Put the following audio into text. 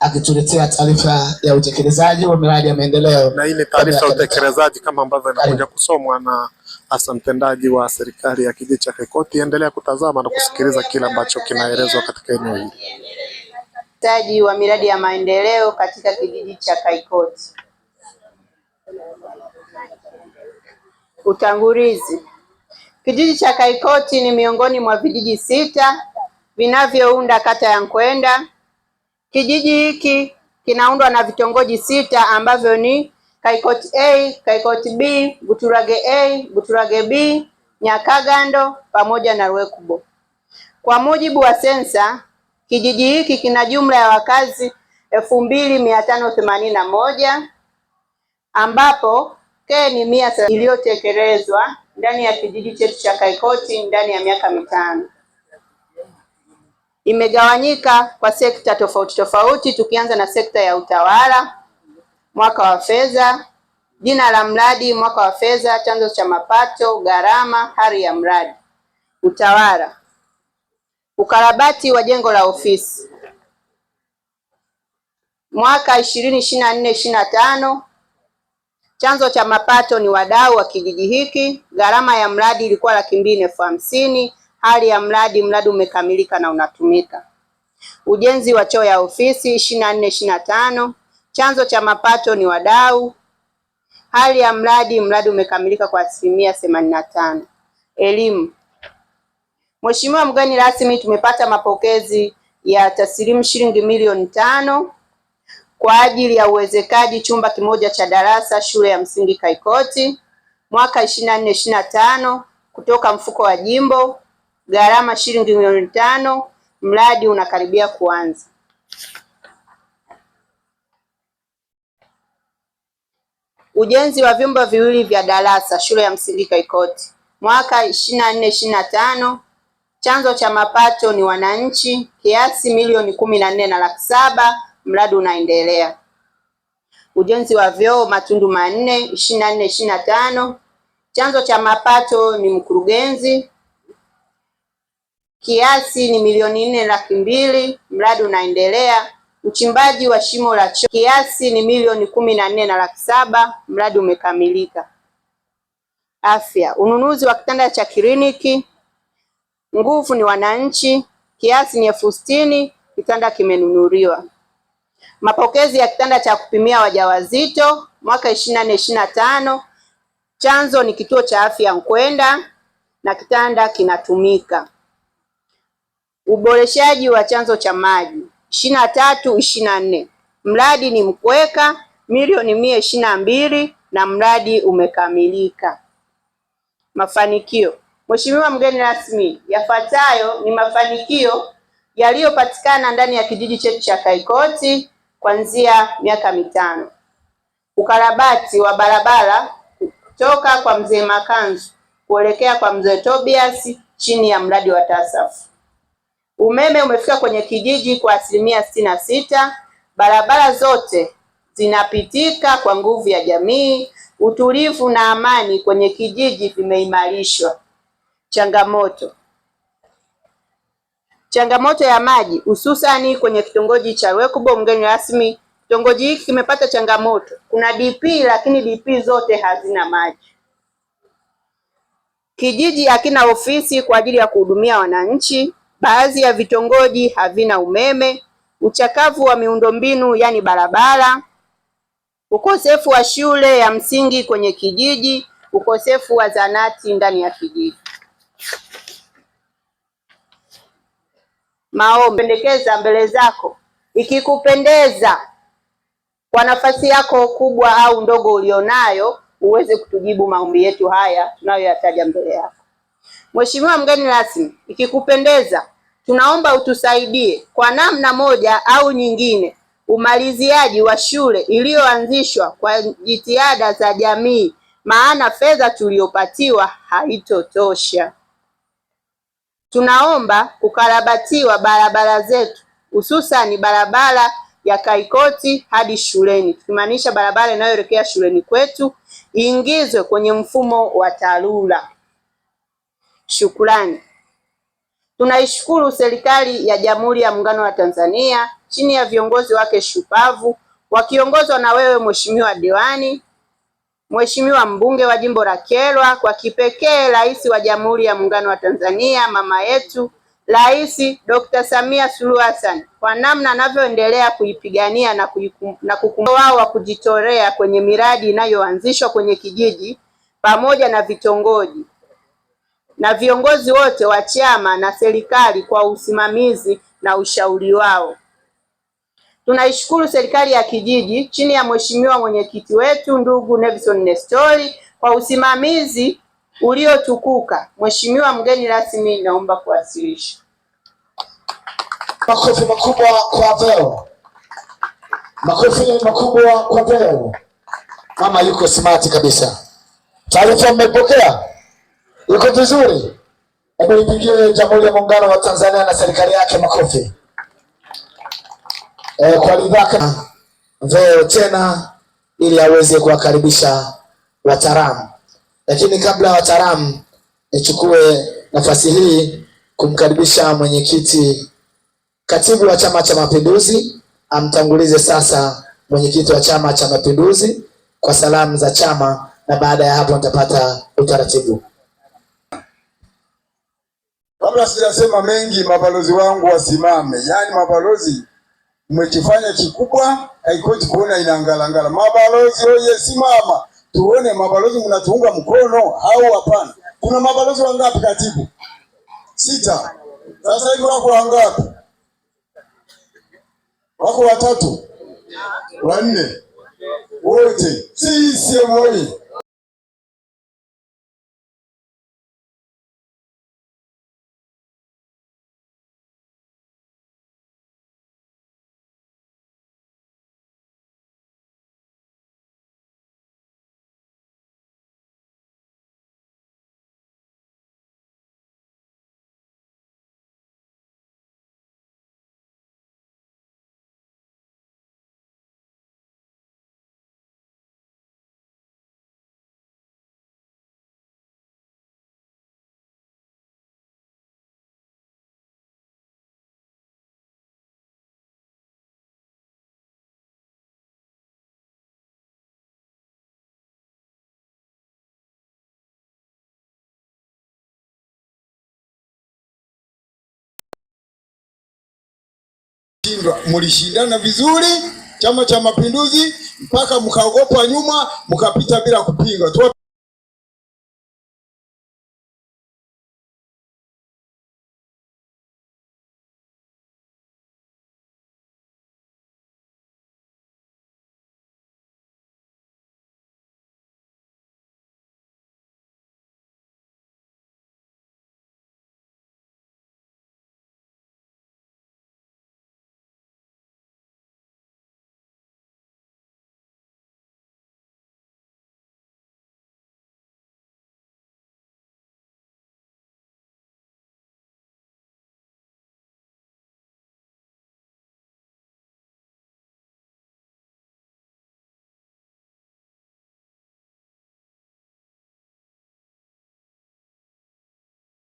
akituletea taarifa ya utekelezaji wa miradi ya maendeleo na ile taarifa ya utekelezaji kama ambavyo inakuja kusomwa na afisa mtendaji wa serikali ya kijiji cha Kaikoti. Endelea kutazama na kusikiliza kile ambacho kinaelezwa katika eneo hili. Taji wa miradi ya maendeleo katika kijiji cha Kaikoti. Utangulizi. Kijiji cha Kaikoti ni miongoni mwa vijiji sita vinavyounda kata ya Nkwenda Kijiji hiki kinaundwa na vitongoji sita ambavyo ni Kaikoti A, Kaikoti B, Buturage A, Buturage B, Nyakagando pamoja na Rwekubo. Kwa mujibu wa sensa, kijiji hiki kina jumla ya wakazi elfu mbili mia tano themanini na moja ambapo k ni mia iliyotekelezwa ndani ya kijiji chetu cha Kaikoti ndani ya miaka mitano imegawanyika kwa sekta tofauti tofauti, tukianza na sekta ya utawala, mwaka wa fedha, jina la mradi, mwaka wa fedha, chanzo cha mapato, gharama, hali ya mradi. Utawala: ukarabati wa jengo la ofisi mwaka ishirini ishirini na nne na tano. Chanzo cha mapato ni wadau wa kijiji hiki. Gharama ya mradi ilikuwa laki mbili na elfu hamsini hali ya mradi, mradi umekamilika na unatumika. Ujenzi wa choo ya ofisi 24 25, tano. Chanzo cha mapato ni wadau. Hali ya mradi, mradi umekamilika kwa asilimia Elimu. Mheshimiwa mgeni rasmi, tumepata mapokezi ya taslimu shilingi milioni tano kwa ajili ya uwezekaji chumba kimoja cha darasa shule ya msingi Kaikoti mwaka 24 na tano kutoka mfuko wa jimbo gharama shilingi milioni tano. Mradi unakaribia kuanza. Ujenzi wa vyumba viwili vya darasa shule ya msingi Kaikoti mwaka 24 na nne na tano. Chanzo cha mapato ni wananchi, kiasi milioni kumi na nne na laki saba. Mradi unaendelea. Ujenzi wa vyoo matundu manne 24 25. na tano. Chanzo cha mapato ni mkurugenzi Kiasi ni milioni nne laki mbili. Mradi unaendelea. Uchimbaji wa shimo la choo kiasi ni milioni kumi na nne na laki saba. Mradi umekamilika. Afya, ununuzi wa kitanda cha kliniki nguvu ni wananchi, kiasi ni elfu sitini. Kitanda kimenunuliwa. Mapokezi ya kitanda cha kupimia wajawazito mwaka ishirini na nne ishirini na tano. Chanzo ni kituo cha afya Nkwenda na kitanda kinatumika uboreshaji wa chanzo cha maji ishirini na tatu ishirini na nne mradi ni Mkweka milioni mia ishirini na mbili na mradi umekamilika. Mafanikio. Mheshimiwa mgeni rasmi, yafuatayo ni mafanikio yaliyopatikana ndani ya kijiji chetu cha Kaikoti kuanzia miaka mitano. Ukarabati wa barabara kutoka kwa mzee Makanzu kuelekea kwa mzee Tobias chini ya mradi wa tasafu Umeme umefika kwenye kijiji kwa asilimia sitini na sita. Barabara zote zinapitika kwa nguvu ya jamii. Utulivu na amani kwenye kijiji vimeimarishwa. Changamoto, changamoto ya maji hususani kwenye kitongoji cha Lwekubo. Mgeni rasmi, kitongoji hiki kimepata changamoto. Kuna DP lakini DP zote hazina maji. Kijiji hakina ofisi kwa ajili ya kuhudumia wananchi baadhi ya vitongoji havina umeme, uchakavu wa miundombinu yaani barabara, ukosefu wa shule ya msingi kwenye kijiji, ukosefu wa zanati ndani ya kijiji. Maombi, pendekeza mbele zako, ikikupendeza kwa nafasi yako kubwa au ndogo ulionayo, uweze kutujibu maombi yetu haya tunayoyataja mbele yako. Mheshimiwa mgeni rasmi, ikikupendeza, tunaomba utusaidie kwa namna moja au nyingine umaliziaji wa shule iliyoanzishwa kwa jitihada za jamii, maana fedha tuliyopatiwa haitotosha. Tunaomba kukarabatiwa barabara zetu hususani barabara ya Kaikoti hadi shuleni, tukimaanisha barabara inayoelekea shuleni kwetu iingizwe kwenye mfumo wa TARURA. Shukrani. Tunaishukuru serikali ya Jamhuri ya Muungano wa Tanzania chini ya viongozi wake shupavu wakiongozwa na wewe Mheshimiwa Diwani, Mheshimiwa Mbunge wa Jimbo la Kyerwa, kwa kipekee Rais wa Jamhuri ya Muungano wa Tanzania, mama yetu Rais Dr. Samia Suluhu Hassan kwa namna anavyoendelea kuipigania na, na kukumbuka wao wa kujitolea kwenye miradi inayoanzishwa kwenye kijiji pamoja na vitongoji na viongozi wote wa chama na serikali kwa usimamizi na ushauri wao. Tunaishukuru serikali ya kijiji chini ya mheshimiwa mwenyekiti wetu ndugu Nelson Nestori kwa usimamizi uliotukuka. Mheshimiwa mgeni rasmi, naomba kuwasilisha. Makofi makubwa kwa Veo. Makofi makubwa kwa Veo. Mama yuko smart kabisa. Taarifa mmepokea? iko vizuri? Hebu nipigie Jamhuri ya Muungano wa Tanzania na serikali yake makofi. Eh, kwa lidhaka vyeo tena ili aweze kuwakaribisha wataalamu. Lakini kabla ya wataalamu, nichukue nafasi hii kumkaribisha mwenyekiti katibu wa Chama cha Mapinduzi amtangulize sasa mwenyekiti wa Chama cha Mapinduzi kwa salamu za chama, na baada ya hapo nitapata utaratibu. Kabla sijasema mengi, mabalozi wangu wasimame. Yaani mabalozi mmechifanya kikubwa, haikoti kuona inaangalangala. Mabalozi oye, simama tuone mabalozi mnatuunga mkono au hapana. Kuna mabalozi wangapi katibu? Sita. Sasa hivi wako wangapi? Wako watatu, wanne, wote sisi moyi shindwa, mlishindana vizuri Chama cha Mapinduzi mpaka mkaogopa nyuma, mkapita bila kupinga.